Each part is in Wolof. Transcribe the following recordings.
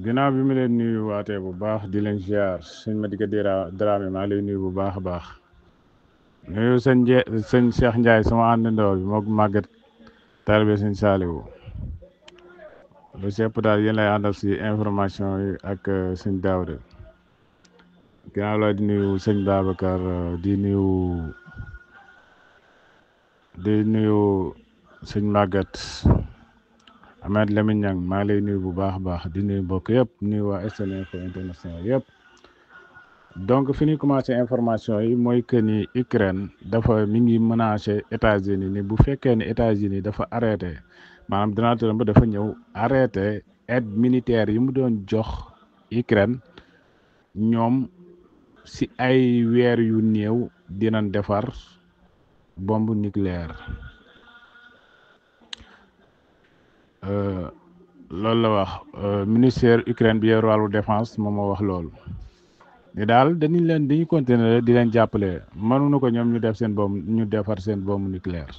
ginnaaw bi mu leen nuyu waatee bu baax di leen ziar sëñ Madické Dramé maa lay nuyu bu baax a baax nuyu sëñ sëñ Cheikh Ndiaye sama àndandoo bi moog màggat taalibe sëñ Saliou lu sepp daal yéen lay àndal si information yi ak euh, sëñ Daouda ginnaaw la di nuyu sëñ Babacar euh, di nuyu di nuyu sëñ màggat Amed Lamine Niang maa lay nuyu bu baax a baax di nuyu mbokk yëpp nuyu waa SeneInfo International yëpp donc fi ñuy commencé information yi mooy que ni Ukraine dafa mi ngi menacé États-Unis ni bu fekkee ne États-Unis dafa arrêté maanaam Donald ba dafa ñëw arrêté aide militaire yi mu doon jox Ukraine ñoom si ay weer yu néew dinañ defar bombe nucléaire Euh, loolu la wax euh, ministère Ukraine bi yor wàllu défense moom moo wax loolu ni daal dañu leen dañuy continuer di leen jàppale mënuñu ko ñoom ñu def seen bomb ñu defar seen bombu nucléaire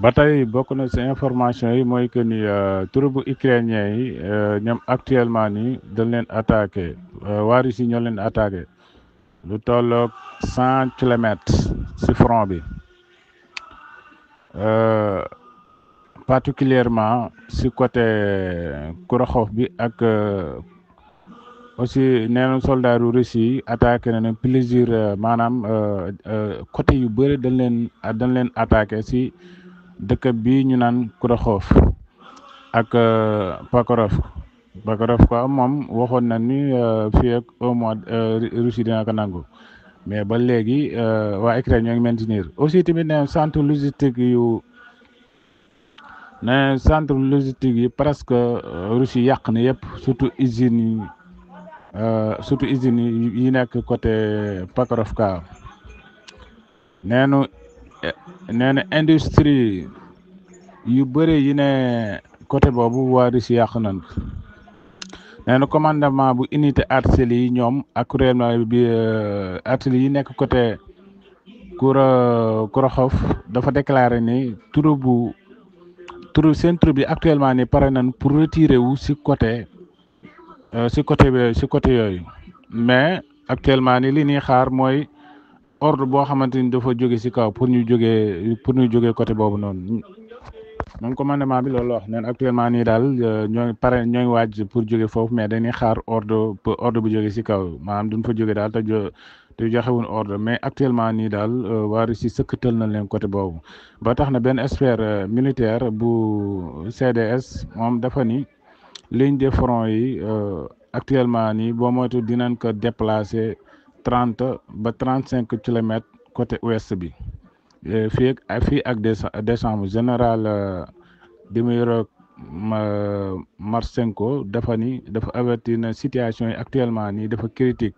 ba tey bokk na ci information yi mooy que ni euh, troupe ukrainien yi ñoom actuellement nii dañ leen attaqué waa Russie ñoo leen attaqué lu tollook cent kilomètres ci front bi Euh, particulièrement si côté euh, Koroxof bi ak euh, aussi nee na soldaaru Russie yi attaqué na plusieurs maanaam côté yu bëri dañ leen dañ leen attaqué si dëkk bi ñu naan Koroxof ak Pakorov Pakorov quoi moom waxoon na ni fii ak au moins Russie dina nangu. mais ba léegi euh, waa AICRA ñoo ngi maintenir aussi tamit ne centre logistique yu ne centre logistique yi presque euh, Russie yàq na yëpp surtout usines yi euh, surtout usines yi nekk côté Pakarovka neenu eh, neenu industrie yu bëri yi ne côté boobu waa Russie yàq nañ nee na commandement bu unité artillerie yi ñoom ak kuréel bi euh, artillerie yi nekk côté Koura Koroxof dafa déclaré ni turu bu turu seen turu bi actuellement ni pare nañ pour retirer wu si côté euh, si côté si côté yooyu mais actuellement ni li ñuy xaar mooy ordre boo xamante ni dafa jóge si kaw pour ñu jógee pour ñu jógee côté boobu noonu. moom commandement bi loolu wax neen actuellement ni daal euh, ñoo pare ñoo ngi waaj pour jóge foofu mais dañuy xaar ordre ordre bu jóge si kaw maanaam duñ fa jóge daal te jo te joxewuñ mais actuellement nii daal euh, waa Russie sëkkatal na leen côté boobu ba tax na benn expert euh, militaire bu CDS moom dafa ni ligne de front yi actuellement nii boo moytu dinan ko déplacer trente ba trente cinq kilomètres côté ouest bi Euh, fii ak ah, fii ak ah, décembre général bi mu yoroog Marsenko dafa ni dafa avertir na situation yi actuellement nii dafa critique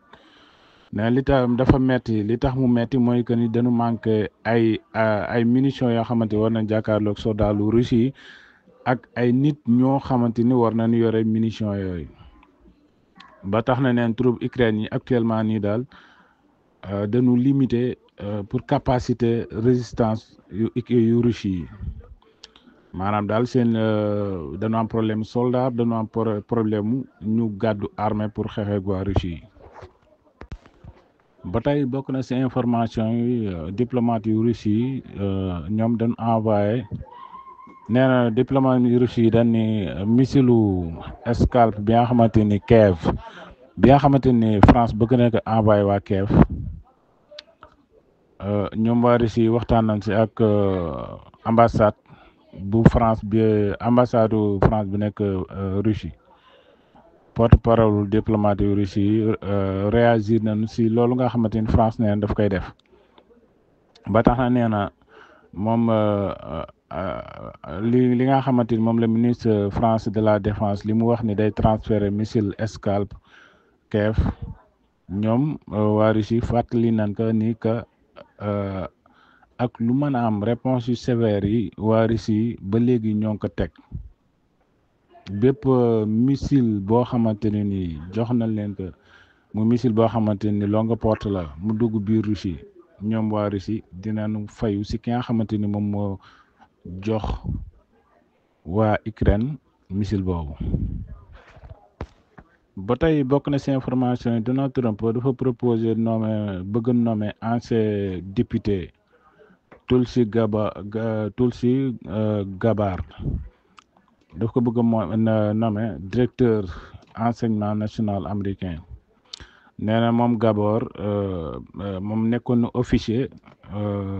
mais li tax dafa metti li tax mu metti mooy que ni dañu manqué ay ah, ay munitions yoo xamante war nañ jàkkaarloog soo lu Russie ak ay nit ñoo xamante ni war nañu yore munitions yooyu ba tax na neen troupe Ukraine yi actuellement nii daal euh, dañu limité Euh, pour capacité résistance yu yu Russie yi maanaam daal seen euh, dañu am problème soldat dañu am problème ñu gàddu armée pour xeexee waa Russie yi ba tey bokk na ci information yi euh, diplomate yu Russie yi ñoom dañu envoyé nee na diplomate yu Russie yi dañ ni missilu Scalp bi nga xamante ni Kiev bi nga xamante ni France bëgg na envoyé waa Kiev Euh, ñoom waa Russie waxtaan nañ si ak euh, ambassade bu France bi ambassade France bi nekk euh, Russie porte parole diplomatique Russie réagir nañ si loolu nga xamante France nee daf koy def ba tax na nee na moom li li nga xamante ni moom ministre France de la défense li mu wax ni day transférer missile Escalp Kiev ñoom waa Russie fàttali nañ ko ni que Euh, ak lu mën a am réponse yu sévère yi waa Russie ba léegi ñoo ko teg bépp euh, missile boo xamante ne ni jox nañ leen ko mu missile boo xamante ni longue porte la mu dugg biir Russie ñoom waa Russie dinañu fayu si ki nga xamante ni moom moo jox waa Ukraine missile boobu. ba tey bokk na si information yi Donald Trump dafa proposé nommé bëgg nommé ancien député Tulsi Gaba Tulsi gabar daf ko bëgg a nommé directeur enseignement national américain nee na moom Gabbard moom nekkoon na officier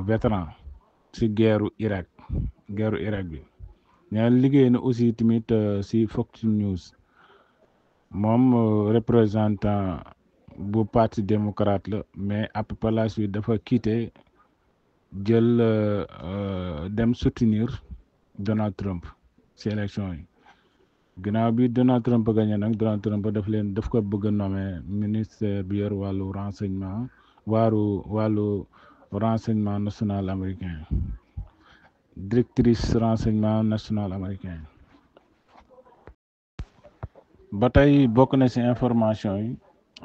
vétéran si guerru Irak guerru Irak bi nee liggéey na aussi tamit si Fox News. moom euh, représentant bu parti démocrate la mais après par la dafa quitté jël euh, euh, dem soutenir Donald Trump ci élection yi ginnaaw bi Donald Trump gagné nag Donald Trump daf leen daf ko bëgg a nommé ministère bi yor wàllu renseignement waaru wàllu renseignement national américain directrice renseignement national américain ba tey bokk na ci information yi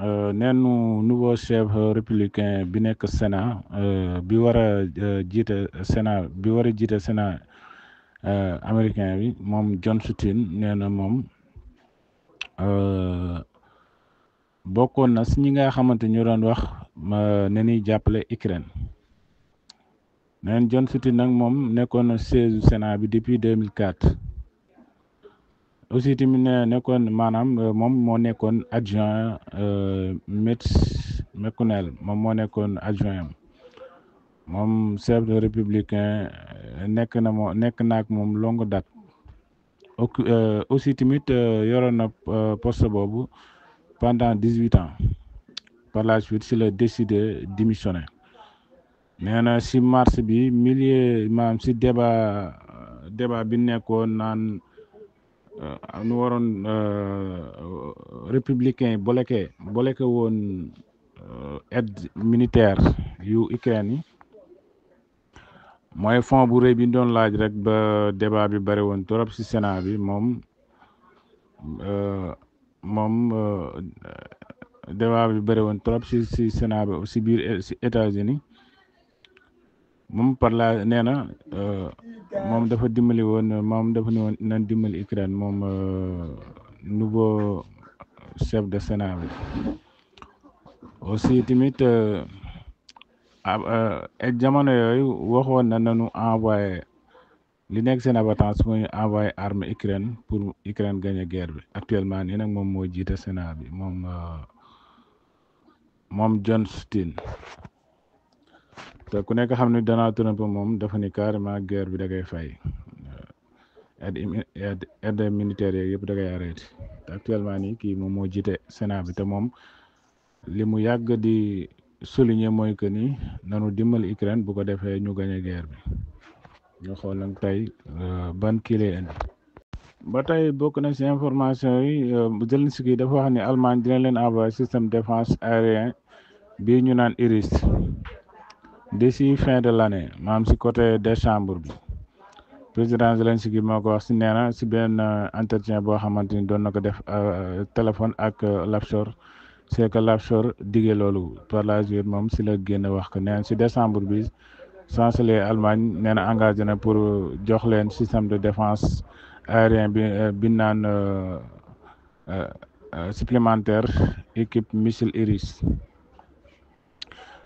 euh, neenu nouveau chef républicain bi nekk Sénat euh, bi war a euh, jiite Sénat bi war a jiite Sénat américain bi moom John Sutin nee na moom bokkoon na si ñi nga xamante ñu doon wax ne ni jàppale Ukraine neen John Sutin nag moom nekkoon na siège Sénat bi depuis 2004. aussi suis nekkoon maanaam adjoint euh, moom moo adjoint euh, chef de républicain euh, nekk na nekk longue date aussi tamit poste pendant 18 ans par la suite si décidé démissionner nee na mars bi milier débat débat bi Euh, nu waroon euh, républicain boleke boleke woon euh, aide militaire yu Ukraine yi mooy fond bu rëy bi doon laaj rek ba débat bi bari woon trop si Sénat bi moom moom débat bi bari woon trop si ci Sénat bi ci biir ci États-Unis moom par la nee na euh, moom dafa dimbali woon moom dafa ne nan dimbali Ukraine moom euh, nouveau chef de sena bi aussi tamit euh, jamono yooyu waxoon na nañu envoyé li nekk seen abatance mooy envoyé arme Ukraine pour Ukraine gagner guerre bi actuellement nii nag moom moo jiite Sénat bi moom moom John Steen te ku nekk xam ne Donald Trump moom dafa ni carrément guerre bi da koy fay aide aide militaire yeeg yëpp da koy te actuellement nii kii moom moo jiite Sénat bi te moom li mu yàgg di souligner mooy que ni nanu dimbali Ukraine bu ko defee ñu gañe guerre bi ñu xool nag tey euh, ban kii ba tey bokk na si information yi euh, Zelensky dafa wax ni Allemagne dina leen envoyé système défense aérien bii ñu naan Iris d'ici fin de l'année maanaam si côté décembre bi président Zelensky moo ko wax si nee na si benn euh, entretien boo xamante ni doon na ko def euh, téléphone ak euh, Lapsor c'est que Lapsor digee loolu par la suite moom si la génn wax ko nee na si décembre bi chancelier Allemagne nee na engagé na pour jox leen système de défense aérien bi bi naan supplémentaire équipe missile Iris.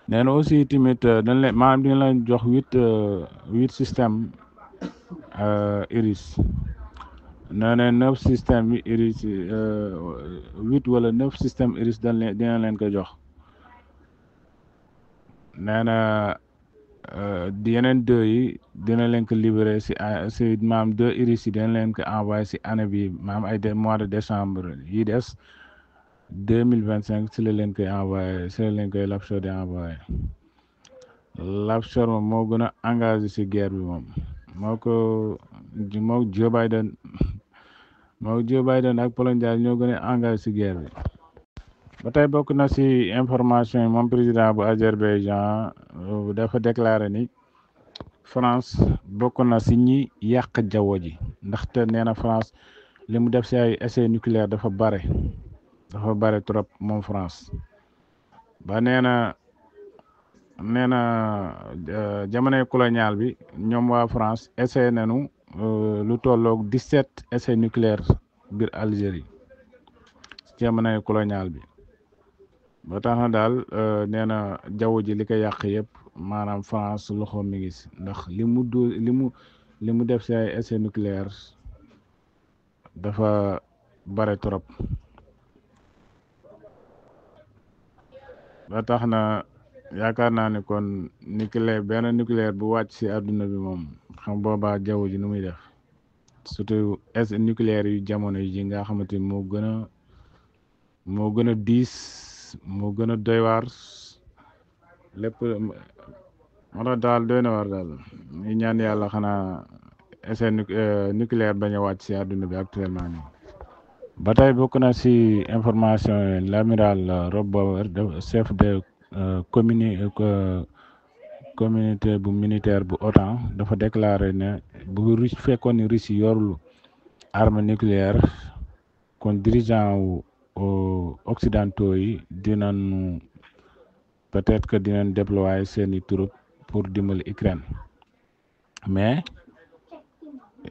nee aussi tamit euh, dañ leen maanaam dina leen jox huit euh, huit système euh, iris nee na neuf système yi iris huit wala neuf système iris dañ dina leen ko jox nee na yeneen deux yi dina leen ko libéré si si maam deux iris yi dina leen ko envoyé si année bi maam ay mois de décembre yi des deux mille vingt cinq si la leen koy envoyé si la leen koy Labsor di envoyé Labsor moom moo gën a engage si guerre bi moom moo ko moo Joe Biden moo Joe Biden ak Paul Ndiaye ñoo gën a engagé si guerre bi ba tey bokk na si information yi moom président bu Azerbaïdjan euh, dafa déclaré ni France bokk na si ñi yàq jaww ji ndaxte nee na France li mu def si ay essais nucléaires dafa bare dafa bari trop moom France ba nee na nee na euh, jamonoy colonial bi ñoom waa France essayé nañu euh, lu tolloog 17 sept essai nucléaire biir Algérie jamonoy colonial bi ba tax na daal euh, nee na jaww ji li ko yàq yëpp maanaam France loxo mi ngi si ndax li mu du li mu li mu def say essai nucléaire dafa bare trop ba tax na yaakaar naa ne kon nucléaire benn nucléaire bu wàcc si àdduna bi moom xam boobaa jaww ji nu muy def surtout est nucléaire yu jamono yi nga xamante ni moo gën a moo gën a diis moo gën a doy waar lépp moo tax daal doy na war daal ñu ñaan yàlla xanaa essai euh, nucléaire bañ a wàcc si àdduna bi actuellement nii ba bokk na si information yi l'amiral euh, Rob Bauer chef de euh, communi euh, communauté bu militaire bu OTAN dafa déclaré ne bu Russie fekkoon ni Russie yorul arme nucléaire kon dirigeant wu occidentaux yi dinañu peut-être que dinañ déployer seeni troupe pour dimbali Ukraine mais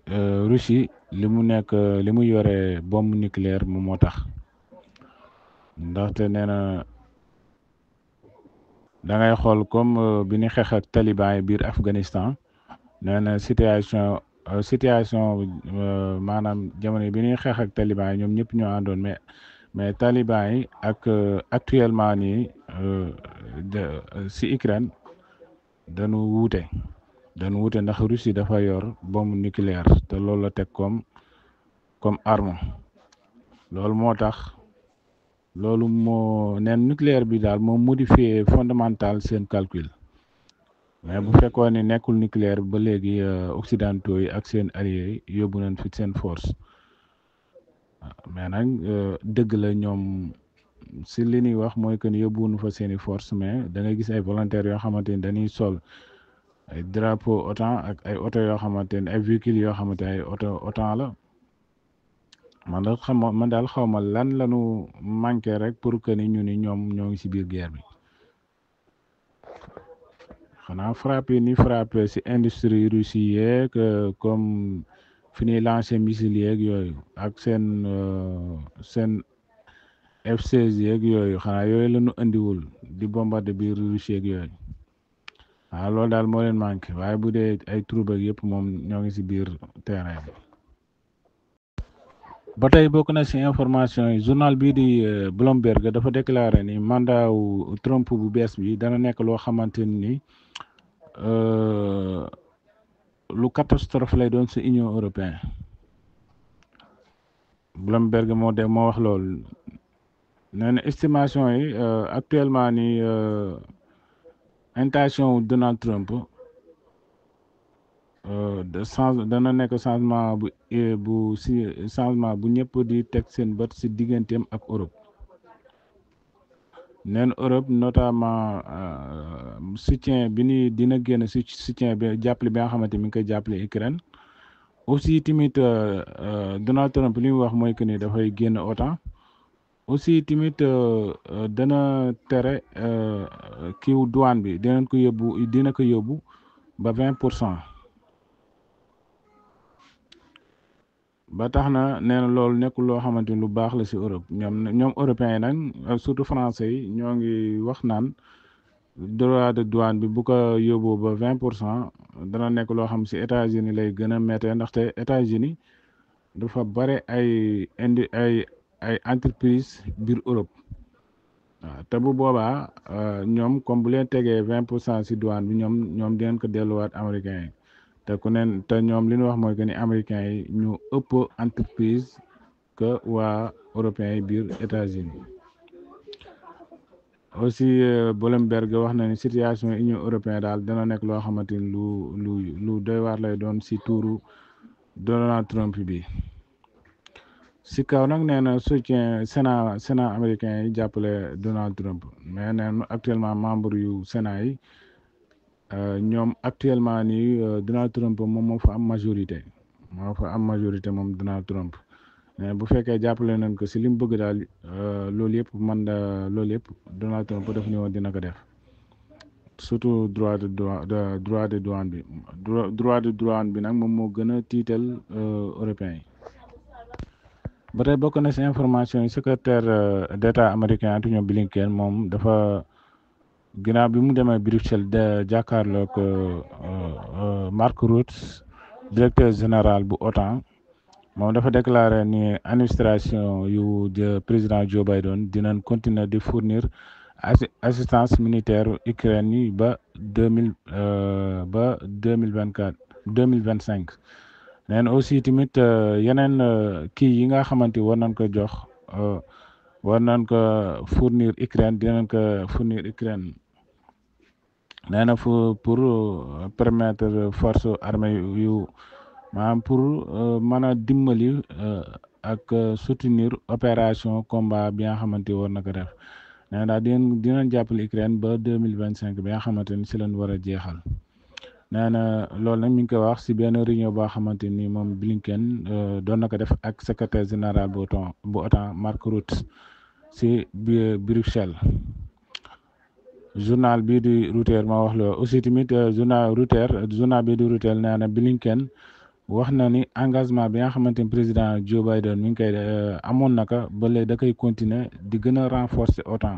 Euh, russi li mu nekk li mu yore bombe nucléaire moom moo tax ndaxte nee na da ngay xool comme euh, bi ñu xeex ak taliban biir Afghanistan nee na situation euh, situation maanaam jamono bi ñuy xeex ak taliban yi ñoom ñëpp ñoo àndoon mais mais taliban yi ak actuellement nii si Ukraine dañu wuute. dan wute ndax Russie dafa yor bombe nucléaire te loolu la tek comme comme arme loolu motax tax loolu moo neen nucléaire bi daal mo modifier fondamental sen calcul mais bu fekkone nekul nucléaire ba léegi euh, occidentaux yi ak sen alliés yi nañ fi sen force ah, mais nak euh, deug la ñom si li ñuy wax moy que ni nu fa seeni force mais da nga gis ay volontaires yo xamanteni dañuy sol ay drapeau OTAN ak ay oto yoo xamante ne ay véhicules yoo xamante ne ay oto OTAN la man daal xam man daal xaw ma lan la ñu manqué rek pour que ni ñu ni ñoom ñoo ngi si biir guerre xanaa frappe ni frappe si industrie Russie yeeg comme fi ñuy lancé missile yeeg yooyu ak seen euh, seen F16 yeeg yooyu xanaa yooyu la ñu di bombarde biir Russie yeeg yooyu. waaw loolu daal moo leen manqué waaye bu dee ay troupe yëpp moom ñoo ngi si biir terrain ba tey bokk na si information yi journal bii di euh, Bloomberg dafa déclaré ni mandat wu Trump bu bees bi dana nekk loo xamante ni euh, lu catastrophe lay doon si Union européenne Bloomberg moo moo wax loolu nee na estimation yi euh, actuellement ni intention wu Donald Trump euh, de dana nekk changement bu euh, bu changement bu ñëpp di teg seen bët si digganteem ak Europe neen Europe notamment euh, soutien bi ni dina génn si soutien bi jàppale bi nga xamante mi ngi koy jàppale Ukraine aussi tamit Donald Trump li mu wax mooy que ni dafay génn OTAN aussi tamit euh, euh, dana tere euh, kiw douane bi dinañ ko yóbbu dina ko yóbbu ba vingt pour cent ba tax na nee na loolu nekkul loo xamante ni lu baax la ci Europe ñoom ñoom européens yi nag surtout français yi ñoo ngi wax naan droit de douane bi bu ko yóbbu ba vingt pour cent dana nekk loo xam ci États-Unis lay gën a méttee ndaxte États-Unis dafa bare ay indi ay ay entreprise biir Europe waaw te bu boobaa euh, ñoom comme bu leen tegee vingt pour cent si douane bi ñoom ñoom dinañ ko delluwaat américain te ku neen te ñoom linu wax mooy que ni américain yi ñu ëpp entreprise que waa européens yi biir États-Unis aussi euh, Bloomberg wax na ni situation union européenne daal dana nekk loo xamante ni lu lu lu doy lay doon si tuuru Donald Trump bi. si kaw nag nee na soutien sénat sénat américain yi jàppale Donald Trump mais neen actuellement membre yu sénat yi euh, ñoom actuellement nii euh, Donald Trump moom moo fa am majorité moo fa am majorité moom Donald Trump mais bu fekkee jàppale nañ ko si li mu bëgg daal euh, loolu yëpp man loolu yëpp Donald Trump def ni woon dina ko def surtout droit de droit de droit de douane bi droit de douane bi nag moom moo gën a tiital européen yi ba tey bokk na si information yi secrétaire euh, d'état américain Antonio Blinken moom dafa ginnaaw bi mu demee Bruxelles de jàkkaarloog euh, euh, Mark Rutte directeur général bu OTAN moom dafa déclaré ni administration yu président Joe Biden dinañ continuer di fournir assistance militaire Ukraine ba deux mille ba deux mille vingt quatre deux mille vingt cinq nen aussi timit euh, yenen euh, ki yi nga xamanti won nañ ko jox euh, won nañ ko fournir Ukraine dinañ ko fournir Ukraine nena fu pour permettre force armée yu manam pour mana dimbali ak soutenir opération combat bi nga xamanti won na ko def nena dinañ dinañ Ukraine ba 2025 bi nga xamanteni ci lañ nee na loolu nag mi ngi koy wax si benn réunion boo xamante ni moom Blinken euh, doon na ko def ak secrétaire général bu OTAN bu OTAN Mark Rutte si Bruxelles journal bii di Reuters moo wax loolu aussi tamit euh, journal Reuters journal bii di Reuters nee na Blinken wax na ni engagement bi nga xamante ni président Joe Biden mi ngi koy euh, amoon na ko ba léegi da koy continuer di gën a renforcer OTAN.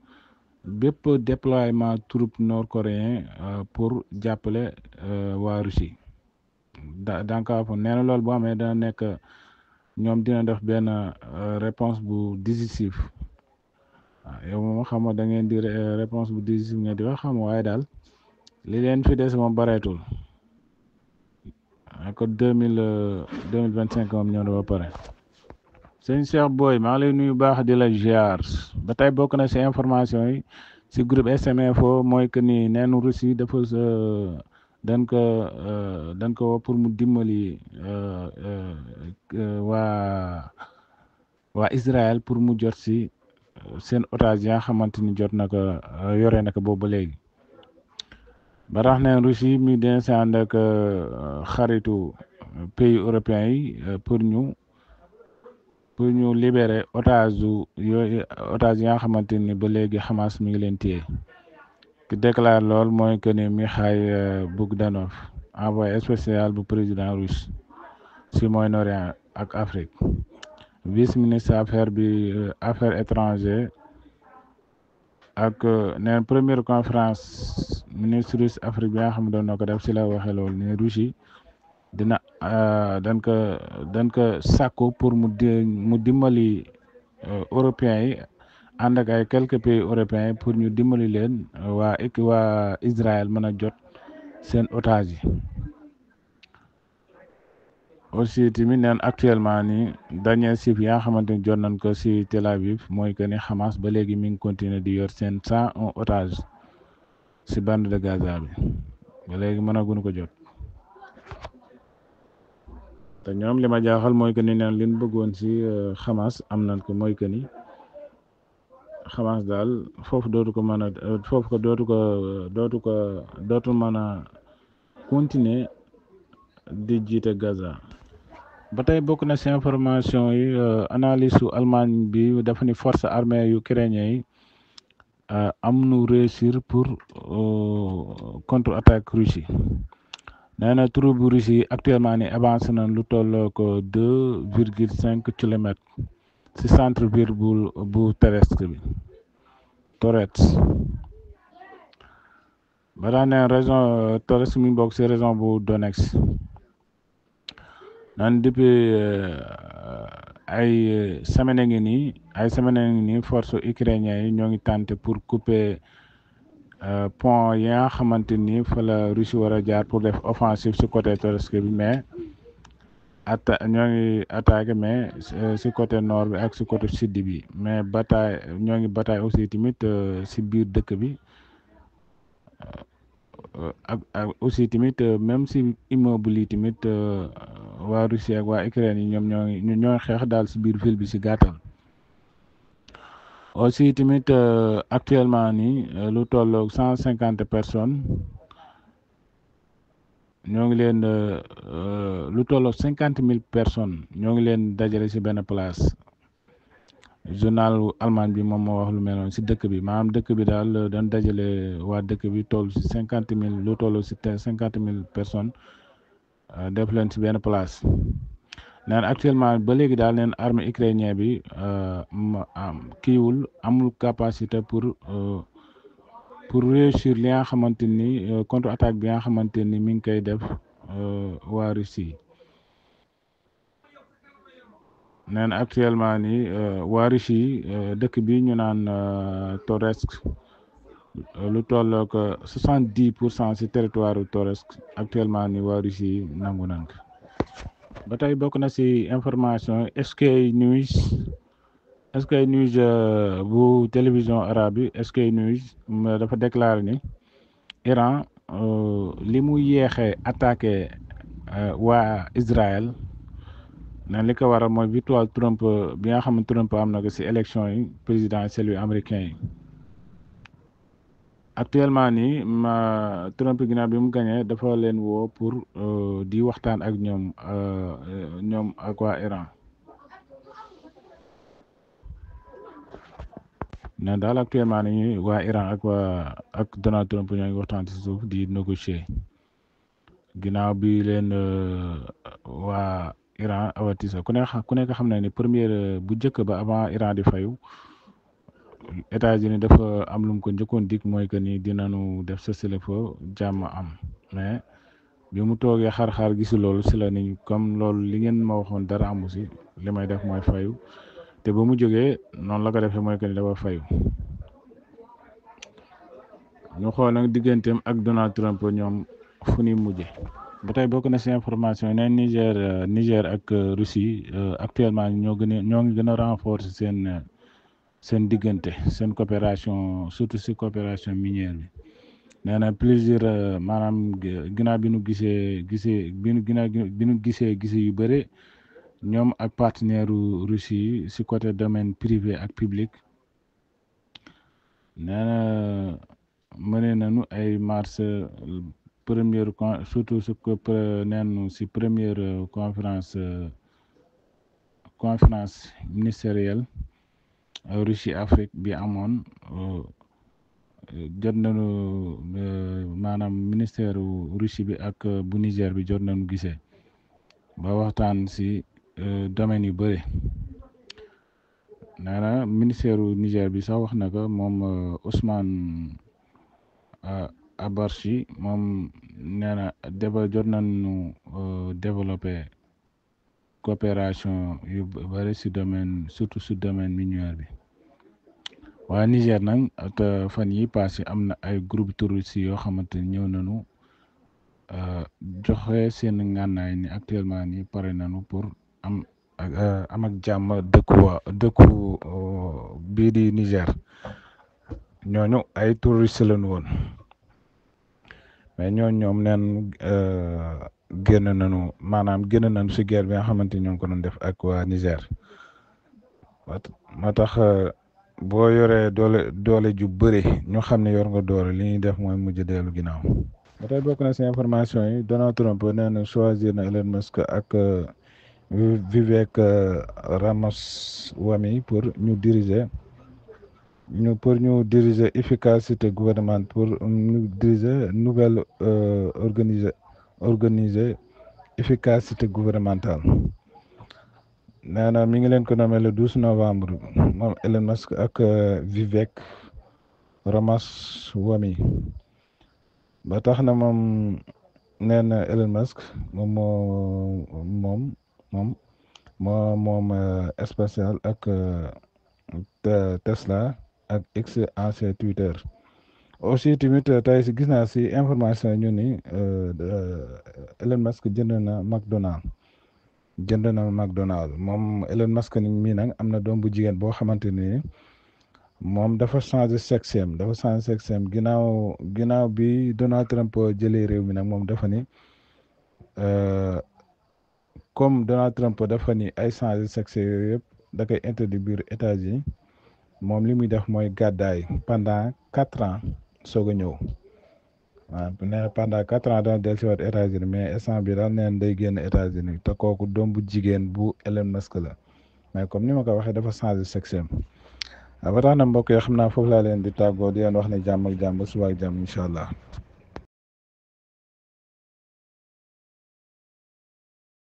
bépp déploiement troupe nord-coréen euh, pour jàppale euh, waa Russie da Dankaafu nee na lool boo xam ne dana nekk ñoom dina def benn euh, réponse bu décisive waaw ah, yow moom xam nga da ngeen di réponse bu décisive ngeen di xam waaye daal li leen fi des moom bareetul ak ah, deux mille deux vingt cinq moom ñoo ba pare. seen Cheikh Boy maa ngi lay nuyu baax di la ziar ba tey bokk na si information yi si groupe SMFO mooy que ni neen Russie dafa euh, dañ ko euh, dañ ko pour mu dimbali euh, waa waa Israël pour mu jot si seen otage yaa xamante ni jot na ko yore na ko boobu ba léegi neen Russie mi den si ànd xaritu pays européens yi pour ñu pour ñu libéré otage yooyu otage yi nga xamante ni ba léegi Hamas mi ngi leen téye ki déclare lool mooy que ni mikhail euh, Bogdanov envoyé spécial bu président russe si Moyen-Orient ak Afrique vice ministre affaire bi euh, affaire étranger ak euh, neen première conférence ministre russe Afrique bi nga xam ne doon na ko def si la waxee loolu Russie dina euh, dañ ko dañ ko sàkku pour mu di mu dimbali euh, européens yi ànd ak ay quelques pays européens yi pour ñu dimbali leen euh, waa ek waa Israël mën a jot seen otage yi aussi tamit neen actuellement ni dernier chiffre yaa xamante ni jot nañ ko si Tel Aviv mooy que ni Hamas ba léegi mi ngi continuer di yor seen cent un otage si bande de Gaza bi ba léegi mënaguñu ko jot te ñoom li ma jaaxal mooy que ni neen liñ bëggoon si euh, Hamas am nañ ko mooy que ni Hamas daal foofu dootu ko mën a euh, foofu ko dootu ko euh, dootu ko dootu mën a continuer di jiite Gaza ba tey bokk na si information yi analyse su Allemagne bi dafa ni force armée ukrainien yi am nu réussir pour contre attaque Russie nee na trou bu Russie actuellement ni avancé na lu tolloo ko deux virgule cinq kilomètres ci centre ville bu bu terrestre bi Torets ba daan neen région Torets mi bokk ci région bu Donetsk nan depuis ay semaine ngi nii ay semaine ngi nii force ukrainien yi ñoo ngi tenté pour couper Euh, pont yi nga xamante ni fa la Russie war a jaar pour def offensive si côté Torsk bi mais atta ñoo ngi attaqué mais si euh, côté noor bi ak si côté sud bi mais bataille ñoo ngi bataille aussi tamit si euh, biir dëkk bi ak ak aussi tamit même si immeuble yi tamit waa Russie ak waa Ukraine yi ñoom ñoo ngi ñoo xeex daal si biir ville bi si gàttal. aussi tamit euh, actuellement nii euh, lu tolloog cent cinquante personnes ñoo ngi leen euh, lu tolloog cinquante mille personnes ñoo ngi leen dajale si benn place journal Allemagne bi moom moo wax lu mel si dëkk bi maanaam dëkk bi daal dañ dajale waa dëkk bi toll si cinquante mille lu tolloog si cinquante mille personnes def leen ci benn place. nan actuellement ba légui dal neen armée ukrainienne bi euh am kiwul amul capacité pour euh, pour réussir li nga xamanteni euh, contre attaque bi nga xamanteni mi ngi koy def euh wa Russie nan actuellement ni euh wa Russie euh, dekk bi ñu nan euh, Toretsk lu toll ko 70% ci territoire Toretsk actuellement ni wa Russie nangu nañ ko ba tey bokk na ci information SK News SK News euh, bu télévision arabe SK News dafa déclaré ni Iran euh, li mu yéexee attaqué euh, waa Israël na li ko waral mooy victoire Trump bi nga xam ne Trump am na ko ci élection yi présidentielle yu américain yi actuellement nii ma Trump ginnaaw bi mu gañee dafa leen woo pour euh, di waxtaan ak ñoom euh, ñoom ak waa Iran na daal actuellement nii waa Iran ak waa ak Donald Trump ñoo ngi waxtaan ci di négocier ginnaaw bi leen euh, waa Iran avertir ku ne ku nekk xam na ni première bu njëkk ba avant Iran de fayu États-Unis dafa am lu mu ko njëkkoon dik mooy que ni dinañu def cessez-le feu jàmm am mais bi mu toogee xar-xaar gisu loolu si la ni comme loolu li ngeen ma waxoon dara amu si li may def mooy fayu te ba mu jógee noonu la def defee mooy que ni dafa fayu ñu xool nag digganteem ak Donald Trump ñoom fu ñuy mujje ba tey bokk na si information ne Niger Niger ak Russie euh, actuellement ñoo gën a ñoo ngi gën a renforcer seen. seen diggante seen coopération surtout si coopération minière bi nee na plaisir euh, maanaam ginnaaw bi nu gisee gisee bi nu ginnaaw bi nu gisee gisee yu bëri ñoom ak partenaire Russie si côté domaine privé ak public nee na mëne nañu ay marche euh, première con surtout su ko neenu si première euh, conférence conférence ministérielle Russie Afrique bi amoon euh, jot nañu euh, maanaam ministère Russie bi ak euh, bu Niger bi jot nañu gise ba waxtaan si domaine yu bëri nee na ministère Niger bi sax wax na ko moom Ousmane Abarchi moom nee na déba jot nañu développé. coopération yu bëri si domaine surtout si domaine minière bi waa Niger nag fan yi passé am na ay groupe touriste yoo xamante ni ñëw nañu euh, joxe seen ngànnaay ni actuellement ni pare nañu pour am euh, am ak jàmm dëkku dëkku euh, di Niger ñooñu ay touriste lañu woon mais ñooñu ñoom neen génn nañu maanaam génn nañu si guerre bi nga xamante ni ñoo ngi ko doon def ak waa Niger moo tax euh, boo yoree doole doole ju bëri ñu xam ne yor nga doole li ñuy def mooy mujj dellu ginnaaw. ba tey bokk na information yi Donald Trump nee na choisir na Elon Musk ak euh, Vivek euh, Ramaswamy pour ñu diriger pour ñu diriger efficacité gouvernement pour ñu diriger nouvelle organiser organiser efficacité gouvernementale nee na mi ngi leen ko nommé le 12 novembre moom Elon Musk ak euh, Vivek Ramaswamy ba tax na moom nee Elon Musk moom moo moom moom moo moom euh, spatial ak euh, Tesla ak X ancien Twitter aussi tamit euh, tey si gis naa si information ñu ni euh, Elon Musk jënd na McDonald jënd na McDonald moom Elon Musk ni mii nag am na doom bu jigéen boo xamante ni moom dafa changé sexeem dafa changé sexeem ginnaaw ginnaaw bi Donald Trump jëlee réew mi nag moom dafa ni euh, comme Donald Trump dafa ni ay change sexe yooyu yëpp da koy interdit biir états moom li muy def mooy gàddaay pendant quatre ans soog a ñëw waaw bu ne pendant quatre ans dana dellusiwaat États-Unis mais instant bi daal neen day génn États-Unis te kooku doom bu jigéen bu Elon Musk la mais comme ni ma ko waxee dafa changé sexe ba tax na mbokk yoo xam naa foofu laa leen di tàggoo di leen wax ne jàmm ak jàmm suba ak jàmm incha allah.